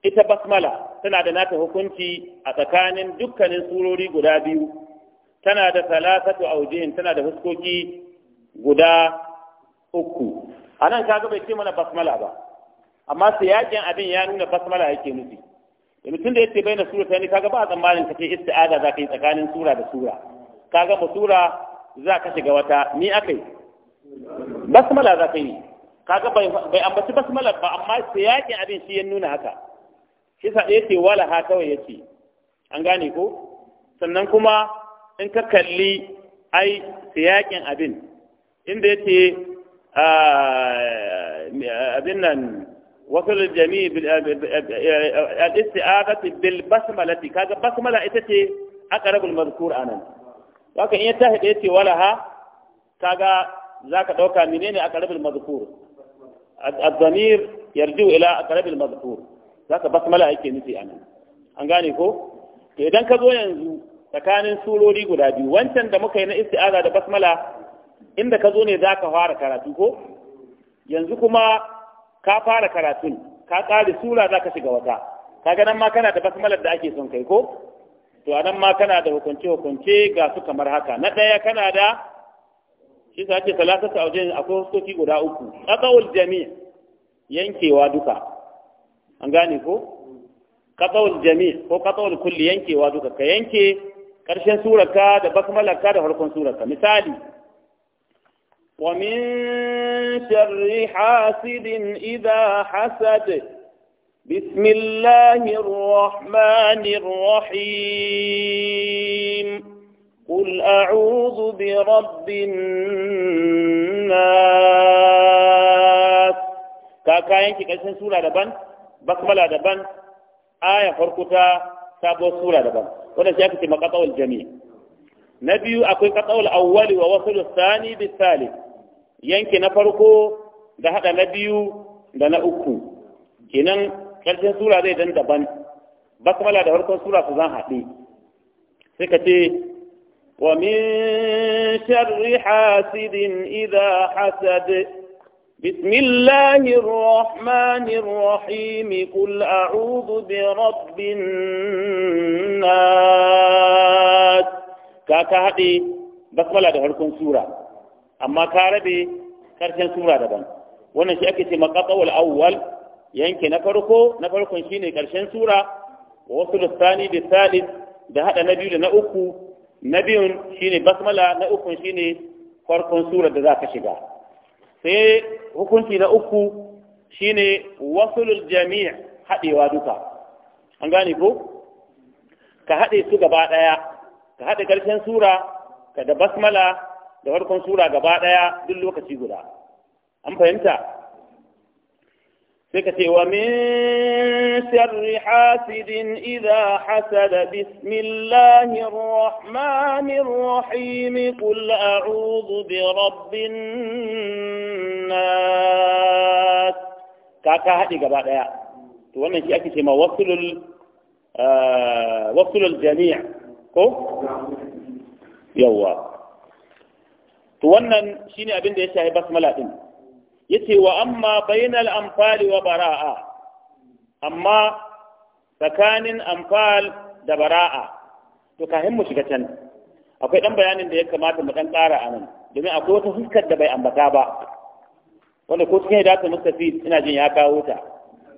ita basmala tana da nata hukunci a tsakanin dukkanin surori guda biyu tana da talatatu aujin tana da huskoki guda uku a nan kaga bai ce mana basmala ba amma siyakin abin ya nuna basmala yake nufi yanzu tun da yace bai na sura ta ne kaga ba a tsammanin kace isti'aza za ka yi tsakanin sura da sura kaga ba sura za ka shiga wata ni akai basmala za ka yi kaga bai ambaci basmala ba amma siyakin abin shi ya nuna haka shi sa ɗaya ce wala ha kawai ce, an gane ko sannan kuma in ka kalli ai siyakin abin inda ce abin nan wasu jami'i al-isti'adati bil basmala kaga basmala ita ce aqrabul mazkur anan haka in ya tahi ce yace wala ha kaga zaka dauka menene aqrabul mazkur الضمير يرجع ila أقرب المذكور zaka basmala yake nufi a nan an gane ko to idan ka zo yanzu tsakanin surori guda biyu wancan da muka yi na isti'aza da basmala inda ka zo ne zaka fara karatu ko yanzu kuma ka fara karatun ka tsari sura zaka shiga wata kaga nan ma kana da basmalar da ake son kai ko to anan ma kana da hukunce hukunce ga su kamar haka na ɗaya kana da shi sa ake a wajen akwai hukunci guda uku qata'ul jami' yankewa duka an gane ko katawul jami ko katawul kulli yankewa duka ka yanke karshen surarka da basmalarka da farkon surarka misali wa min sharri hasidin idha hasad bismillahir rahmanir rahim قل أعوذ برب الناس كاكا ينكي كالسن سورة لبن basmala daban aya farko ta sabuwar sura daban wannan shi aka ce maqata'ul jami' na biyu akwai qata'ul awwali wa wasl thani bi thalith yanke na farko da hada na biyu da na uku kenan karshen sura zai dan daban basmala da farkon sura su zan haɗu. sai ka ce wa min sharri hasidin idha hasad بسم الله الرحمن الرحيم قل أعوذ برب الناس كاكا بس بسملة ده هركون سورة أما كاربي كارتين سورة بان وانا شيء أكي مقاطع الأول يمكن نفركو نفركو شيني كارشن سورة ووصل الثاني بالثالث ده هذا نبي لنأكو نبي شيني بسملة نأكو شيني فركون سورة ده ذاك شجاع sai hukunci na uku shine wasulul jami' haɗewa duka an gane ko ka haɗe su gaba ɗaya ka haɗe ƙarshen sura ka da basmala da farkon sura gaba ɗaya duk lokaci guda an fahimta فكتي ومن شر حاسد إذا حسد بسم الله الرحمن الرحيم قل أعوذ برب الناس كاكا هاتي قبعد يا ومن شيء أكي سيما وصل ال آه، وصل الجميع كو يوا تونن شيني أبن دي شاهي بس ملاتين yace wa amma bainal amfali wa bara'a amma tsakanin amfal da bara'a to ka mu shiga can akwai dan bayanin da ya kamata mu dan ƙara anan domin akwai wata fuskar da bai ambata ba wanda ko cikin hidayatul mustafi ina jin ya kawo ta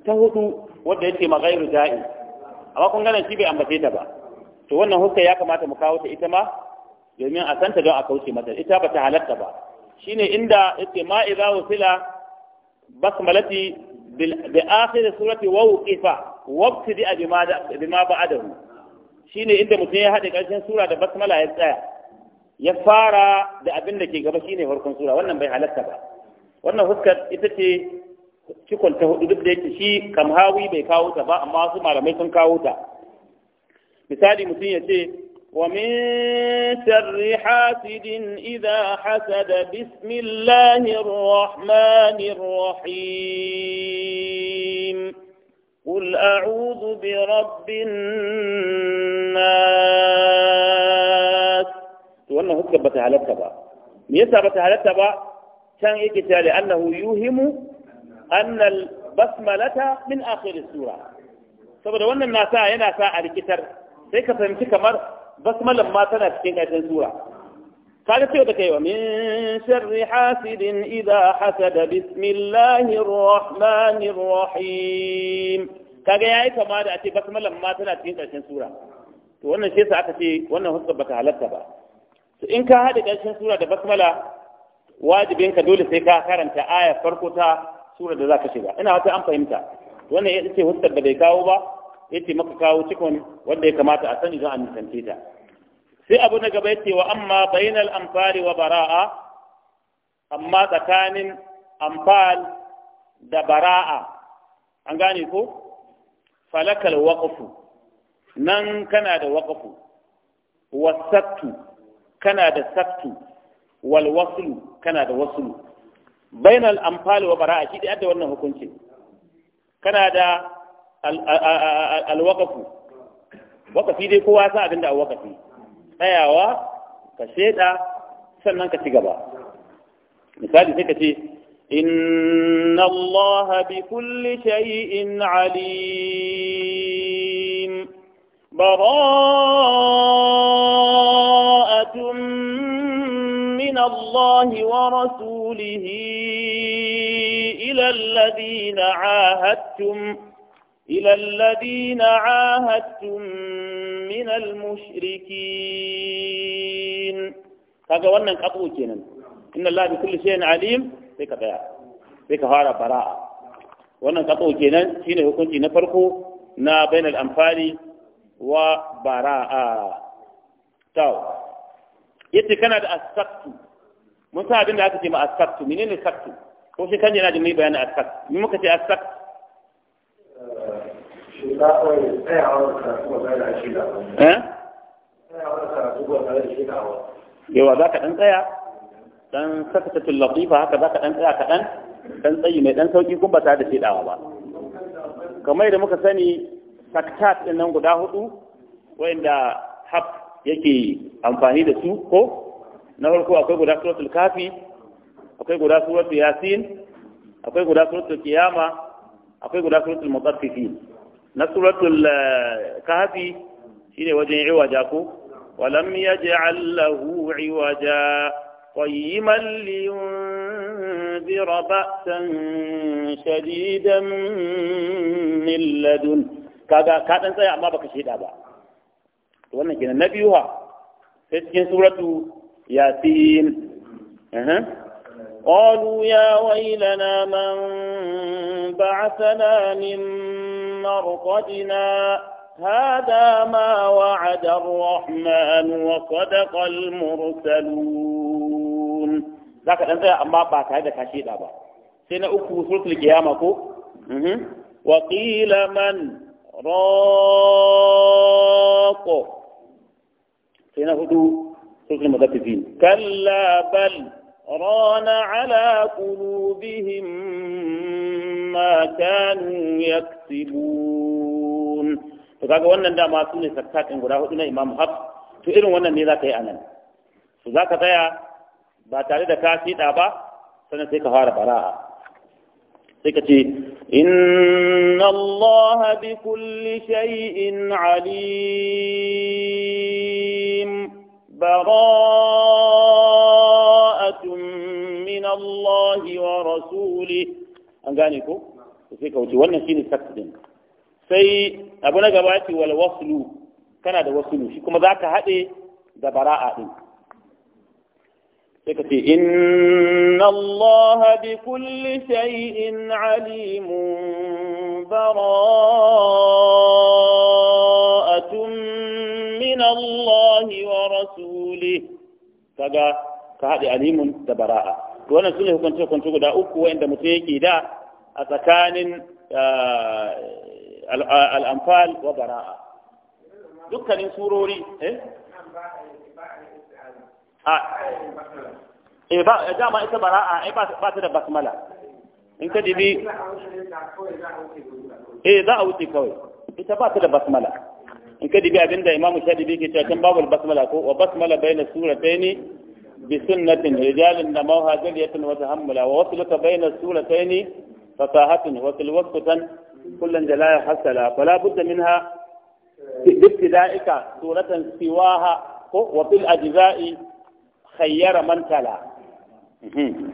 ta hudu wanda yake maghairu da'i amma kun ganin shi bai ambace ta ba to wannan huska ya kamata mu kawo ta ita ma domin a santa don a kauce mata ita ba ta halatta ba shine inda yake ma idza wasila basmalati bi akhir surati wawqifa wabtadi bima bima ba'dahu shine inda mutum ya hade karshen sura da basmala ya tsaya ya fara da abin da ke gaba shine farkon sura wannan bai halatta ba wannan huskar ita ce cikon ta hudu duk da yake shi kamhawi bai kawo ta ba amma wasu malamai sun kawo ta misali mutum ya ce ومن شر حاسد إذا حسد بسم الله الرحمن الرحيم قل أعوذ برب الناس وأنه هكذا على التبع ميسا على التبع كان يكتب لأنه يوهم أن البسملة من آخر السورة saboda wannan الناس هنا yana لكتر a فهمتك sai basmalan ma tana cikin ƙarshen sura kaga sai da kai wa min sharri hasidin idza hasada bismillahir rahmanir rahim kaga yayi kama da ace basmalan ma tana cikin ƙarshen sura to wannan shi yasa aka ce wannan huska bata halatta ba to in ka hada ƙarshen sura da basmala wajibin ka dole sai ka karanta aya farko ta sura da zaka shiga ina wata an fahimta wannan ya ce huskar da bai kawo ba yace maka kawo cikon wanda ya kamata a sani don a nisance ta sai abu na gaba yace wa amma bainal amfari wa bara'a amma tsakanin amfal da bara'a an gane ko falakal waqfu nan kana da waqfu wasattu kana da sattu wal waslu kana da waslu bainal amfal wa bara'a shi da wannan hukunci kana da alwakafu wakafi dai kowa sa abinda a wakafi tsayawa ka sheda sannan ka ci gaba misali sai ka ce inna allaha bi kulli shay'in alim bara'atun min allahi wa rasulihi ila alladhina ahadtum إلى الذين عاهدتم من المشركين kaga wannan katsu kenan inna allaha bi kulli shay'in alim sai ka tsaya sai ka fara bara'a wannan katsu kenan shine hukunci na farko na bainal amfani wa bara'a taw kana da asaktu mun sa aka ce ma asaktu menene asaktu ko kan bayani asaktu muka ce Eh? yawa za ka ɗan tsaya ɗan sakatattun latifa haka za ka ɗan tsaya kaɗan ɗan tsayi mai ɗan sauƙi kuma ba tare da shaidawa ba kamar yadda muka sani saktat ɗin nan guda hudu wa'inda haf yake amfani da su ko na farko akwai guda suratul kafi akwai guda suratul yasin akwai guda suratul kiyama akwai guda suratul mutaffifin نصرة الكهف هنا وجه عوجاكو ولم يجعل له عوجا قيما لينذر بأسا شديدا من لدن كذا كذا انت ما بك شيء دابا وانا كنا نبيوها في سورة ياسين اها قالوا يا ويلنا من بعثنا من مرقدنا هذا ما وعد الرحمن وصدق المرسلون ذاك أنت أما بعد هذا كشيء أبا سنة أكو سورة القيامة كو وقيل من راق سنة هدو سورة المدففين كلا بل ران على قلوبهم ما كانوا يكسبون to kaga wannan dama su ne sakkakin guda hudu na imam haf to irin wannan ne za ka yi a nan su za ka tsaya ba tare da ka fiɗa ba sannan sai ka fara bara'a sai ka ce inna allaha bi kulli shay'in alim bara الله ورسوله an gane ko sai ka wuce wannan shine saks din sai abu na gaba ce wal waslu kana da waslu shi kuma zaka hade da bara'a din sai ka ce inna allaha bi kulli shay'in alimun bara'atun min allahi wa rasulih kaga ka hade alimun da bara'a wannan sune hukunce hukunce guda uku wanda mutum yake da a tsakanin al'amfal wa bara'a dukkanin surori eh eh ba dama ita bara'a ai ba ta da basmala in ka dibi eh za a wuce kawai ita ba ta da basmala in ka dibi abinda imamu shadi bi ke cewa kan babu basmala ko wa basmala bayna suratayni بسنة رجال نموها جلية وتحملا ووصلك بين السورتين فصاحة وصل وقتا كلا جلايا حسلا فلا بد منها بابتدائك سورة سواها وفي الأجزاء خير من تلا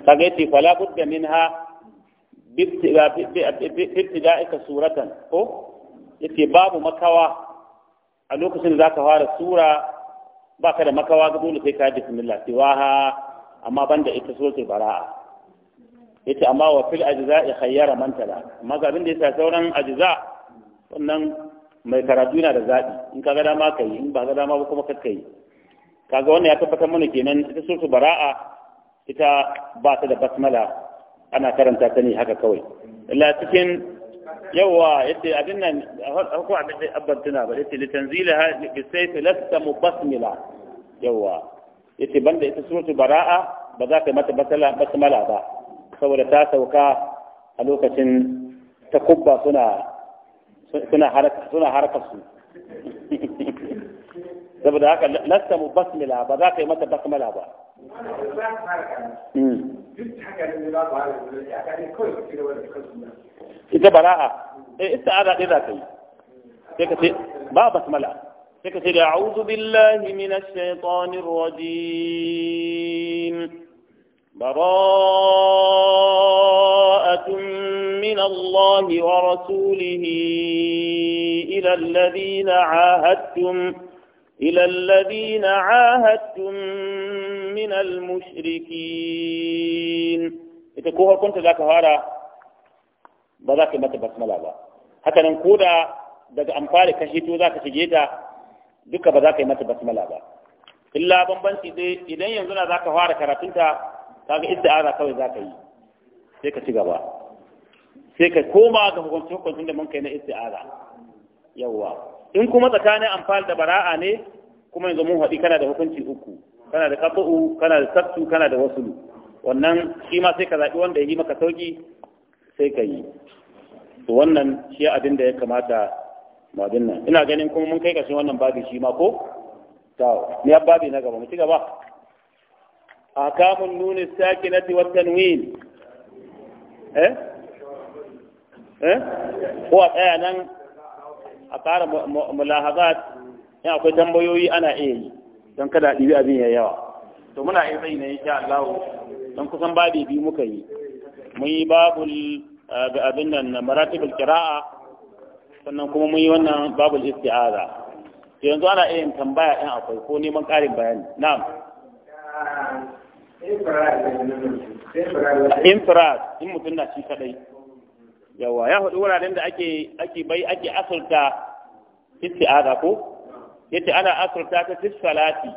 فقيت فلا بد منها بابتدائك سورة يتي باب مكوى a lokacin da za ka fara sura ba ka da makawa ga dole sai ka bismillah waha, amma banda ita so sai bara'a yace amma wa fil ajza'i khayyara man tala amma ga abin da yasa sauran ajza wannan mai karatu yana da zaɓi in ka ga dama ka yi in ba ga dama ba kuma ka yi kaga wannan ya tabbatar mana kenan ita su bara'a ita ba ta da basmala ana karanta ta ne haka kawai illa cikin يوا يتي أدنى أقوى أبدا تنابا يتي لتنزيلها بالسيف لست مبسملا يوا انت بند يتي سورة براءة بذاك ما بس بسملا با صور تاسا وكا ألوكة تقبى سنة سنة حركة سنة حركة سنة لست مبسملا بذاك ما تبسملا با ita bara'a eh ista'ada din za ka yi sai ka ce ba basmala sai ka ce da a'udhu billahi minash shaitanir rajim براءة من الله ورسوله إلى الذين عاهدتم إلى الذين عاهدتم من المشركين ita ko har kunta zaka fara ba za ka yi mata basmala ba haka nan ko da daga amfani ka hito za ka shige ta duka ba za ka yi mata basmala ba illa bambanci dai idan yanzu na za ka fara karatunta kaga isti'aza kawai za ka yi sai ka ci gaba sai ka koma ga hukunci hukuncin da mun kai na isti'aza yawwa in kuma tsakanin amfani da bara'a ne kuma yanzu mun haɗi kana da hukunci uku kana da kafa'u kana da sabtu kana da wasulu wannan shi ma sai ka zaɓi wanda ya yi maka sauki sai ka yi to wannan shi abin da ya kamata babin nan ina ganin kuma mun kai ƙarshen wannan babin shi ma ko ta Ni babi na gaba mu ci gaba akamun nuni sakinati wa tanwin eh eh ko a tsaya nan a fara mulahazat in akwai tambayoyi ana iya yi don kada a ɗibi abin ya yawa to muna yi zai na insha Allah don kusan da biyu muka yi mun yi babul eh, ga abin nan maratibul kira'a, sannan kuma mun yi wannan babul isti'aza to yanzu ana iya tambaya in akwai ko neman ƙarin bayani na'am infrared in mutum na shi kadai yawa ya hudu wuraren da ake ake bai ake asulta isti'aza ko yace ana asirta ta fi salati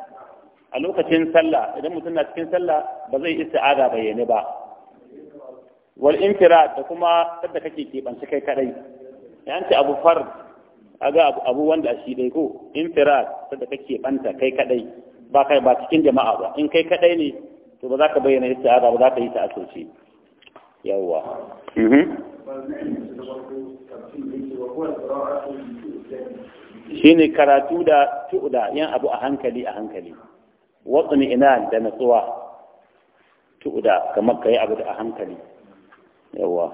a lokacin sallah idan mutum na cikin sallah ba zai isti'aza bayyane ba wal infirad da kuma sadda kake kebanci kai kadai yanci abu far aga abu wanda shi dai ko infirad sadda kake banta kai kadai ba kai ba cikin jama'a ba in kai kadai ne to ba za ka bayyana isti'aza ba za ka yi ta asoci yawwa mhm ne karatu da tu'da yan abu a hankali a hankali watsuni ina da natsuwa tu'da kamar yi abu da a hankali yawa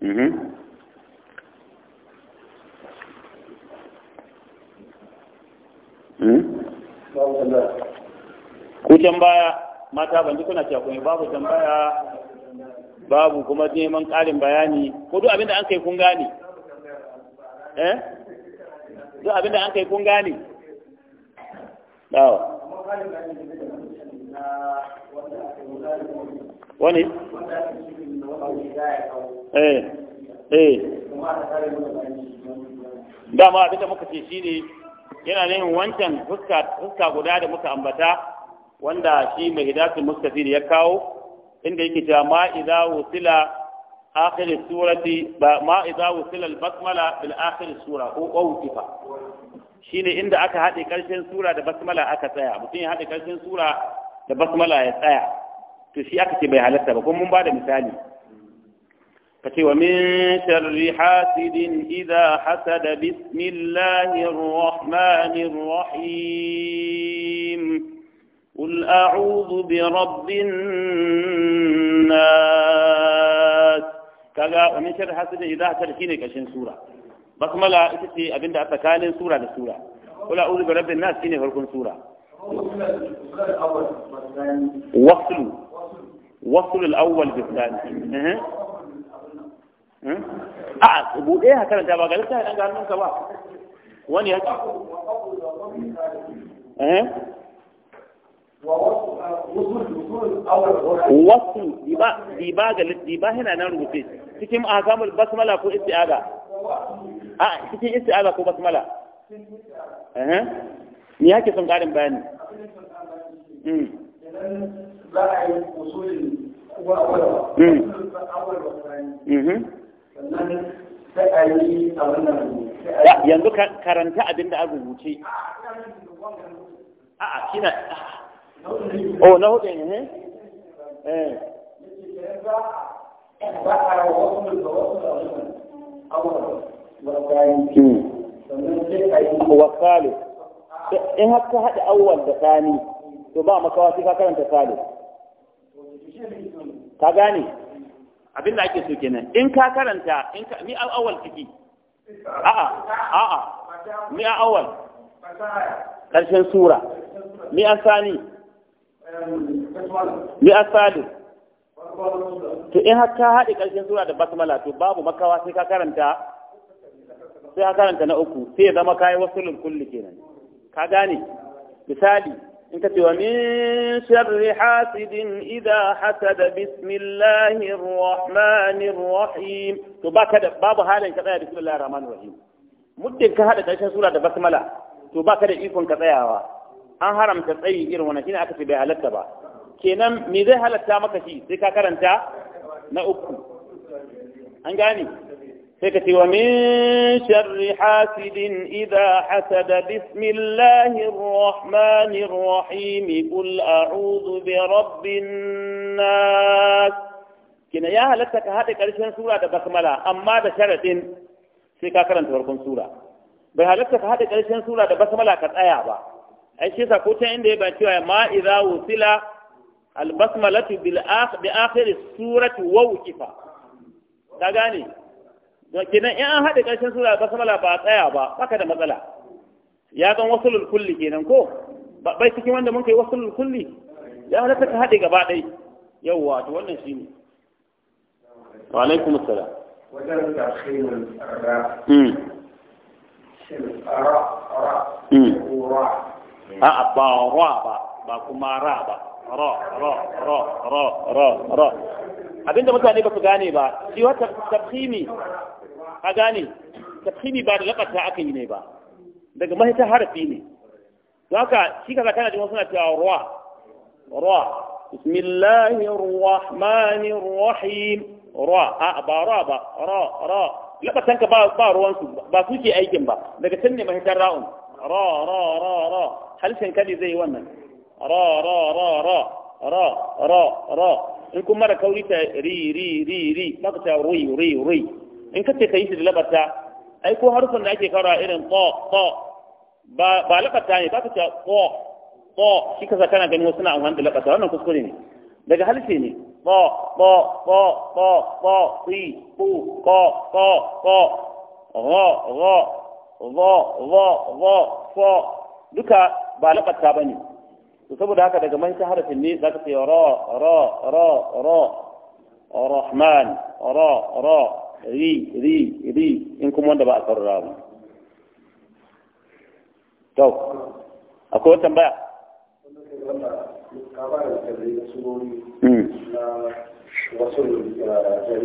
mhm. hmm? kucin baya tambaya mata ban ji kuna cewa babu tambaya babu kuma neman ƙarin bayani ko duk abinda an kai kun gane eh duk abinda an kai kun gane dawo wani eh eh dama abinda muka ce shi ne yana nufin wancan fuska guda da muka ambata wanda shi mai muskafi da ya kawo inda yake jama'a idawo sila. آخر السورة ما إذا وصل البسملة آخر السورة هو أوتفا شين عند أك هذه كرشن سورة البسملة أك سايا بتين هذه كرشن سورة البسملة سايا تشي أك تبي على سبب كم من مثالي فتي ومن شر حاسد إذا حسد بسم الله الرحمن الرحيم قل أعوذ برب الناس kaga shirin hasu da idan idza shine kashin sura basmala ita ce abinda a tsakanin sura da sura kula uzu bi rabbin nas shine farkon sura waslu waslu al-awwal bi thani eh eh a bude ha da ba galita dan ga hannunka ba wani ya ce eh wasu diba ga yana nan rubuce cikin azamul basmala ko isti'aza a cikin isti'aza ko basmala eh ni yake son karin bayani mm za a yi usulin yanzu karanta abin da a'a oh, na o na eh ba'a hmm. wasu da wasu abubuwan abubuwan wasali sannan in har ka haɗa awwal da sani to ba makawa sai ka karanta sali ka gane abin da ake so kenan in ka karanta in ka mi awwal ciki a'a a'a mi awwal karshen sura mi asani mi asali to in har ka haɗe ƙarshen sura da basmala to babu makawa sai ka karanta sai ka karanta na uku sai ya zama kayi wasulul kulli kenan ka gane misali in ka ce wa min sharri hasidin idza hasada bismillahir rahmanir rahim to ka da babu halin ka tsaya bismillahir rahmanir rahim muddin ka haɗa ƙarshen sura da basmala to ka da ikon ka tsayawa an haramta tsayi irin wannan shine aka ce bai halatta ba kenan me zai halatta maka shi sai ka karanta na uku an gani sai ka ce wa min sharri hasidin idha hasada bismillahir rahmanir rahim qul a'udhu bi rabbin nas kina ya halatta ka hada karshen sura da basmala amma da sharadin sai ka karanta farkon sura bai halatta ka hada karshen sura da basmala ka tsaya ba ai shi sa ko ta inda ya ba cewa ma idza wusila albasmalatu bil suratu akhir surati wawqifa ka gane kenan in an haɗe ƙarshen sura basmala ba tsaya ba baka da matsala ya zan wasu kulli kenan ko bai cikin wanda mun kai wasu kulli ya halatta ka haɗe gaba ɗai yawwa to wannan ne. wa alaikum assalam wajen tarhimin ra hmm. shin ra ra hmm. ra a ba ra ba ba kuma ra ba ra ra ra ra ra ra abinda mutane ba su gane ba shi wata tafhimi a gane tafhimi ba da lakata aka yi ne ba daga mahita harafi ne don haka shi kaga kana jin suna cewa ruwa ruwa bismillahir rahmanir rahim ruwa a ba ruwa ba ra ra lakatan ka ba ba ruwan su ba su ke aikin ba daga can ne mahitar ra'un ra ra ra ra halshen kali zai wannan را را را را را را را إنكم مرة كوريتا ري ري ري ري ما قلت ري ري ري إن كنت خيس لبتا أي كو حرف النعي كرا إرن طا طا با با لقطة يعني ما قلت طا طا شيء كذا كان عندي وسنا أو عند لقطة أنا كنت كوريني ده جهل سيني طا طا طا طا طا في بو طا طا طا غا غا غا غا غا فا لقى با لقطة بني to saboda haka daga man harafin ne za ka ce ra ra ra ra rahman ra ra ri ri ri in kuma wanda ba a sarra ba to akwai wata tambaya wasu jami'a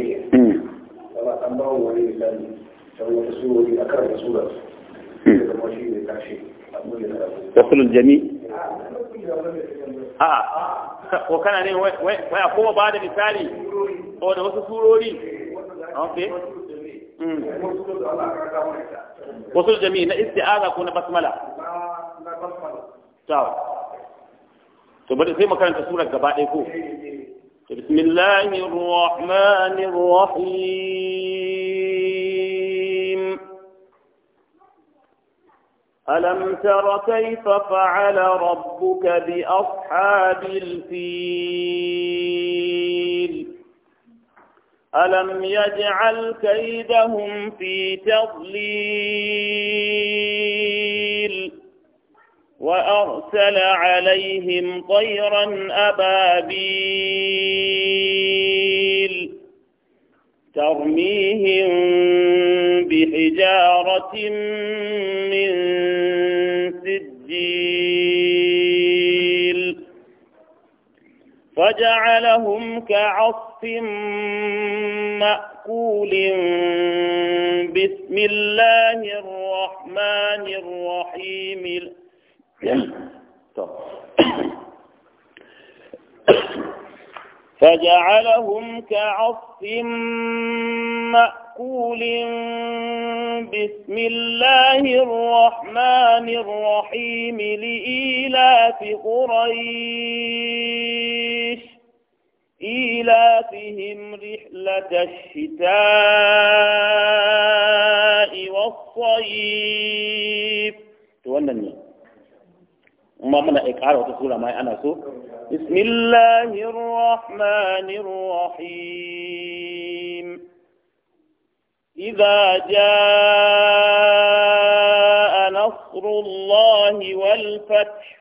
kama an ba wani misali can wata surori a karanta surar da kuma shi ne tashi a wasu jami'a a'a ko kana ne wai a ba da misali o da wasu surori ok hmm. wasu jami'i na isti'aza ko na basmala tawo to bari sai makaranta surar gaba ɗaya ko بسم الله الرحمن الرحيم ألم تر كيف فعل ربك بأصحاب الفيل ألم يجعل كيدهم في تضليل وأرسل عليهم طيرا أبابيل ترميهم بحجارة من الدين فجعلهم كعصف مأكول بسم الله الرحمن الرحيم فجعلهم كعصف مأكول معقول بسم الله الرحمن الرحيم لإيلاف قريش إيلافهم رحلة الشتاء والصيف تولني وما من إكعار وتسولة ما أنا سوء بسم الله الرحمن الرحيم إذا جاء نصر الله والفتح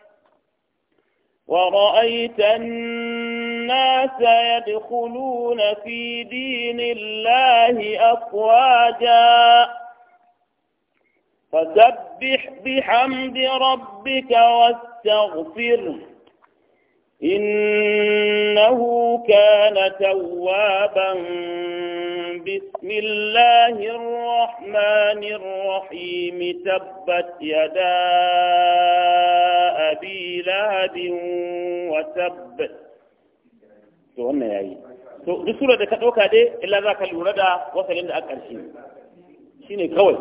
ورأيت الناس يدخلون في دين الله أفواجا فسبح بحمد ربك واستغفره إنه كان توابا بسم الله الرحمن الرحيم تبت يدا أبي لهب وتب سؤالنا يا أيها رسولة كتوكا دي إلا ذاك الورد دا وصل عند أكار شين شين كوي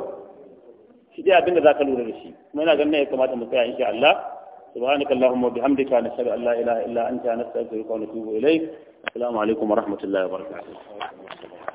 شدي أبين ذاك الورد شين ما نعلم نعلم كما تمتع إن شاء الله سبحانك اللهم وبحمدك نشهد أن لا إله إلا أنت نستغفرك ونتوب إليك السلام عليكم ورحمة الله وبركاته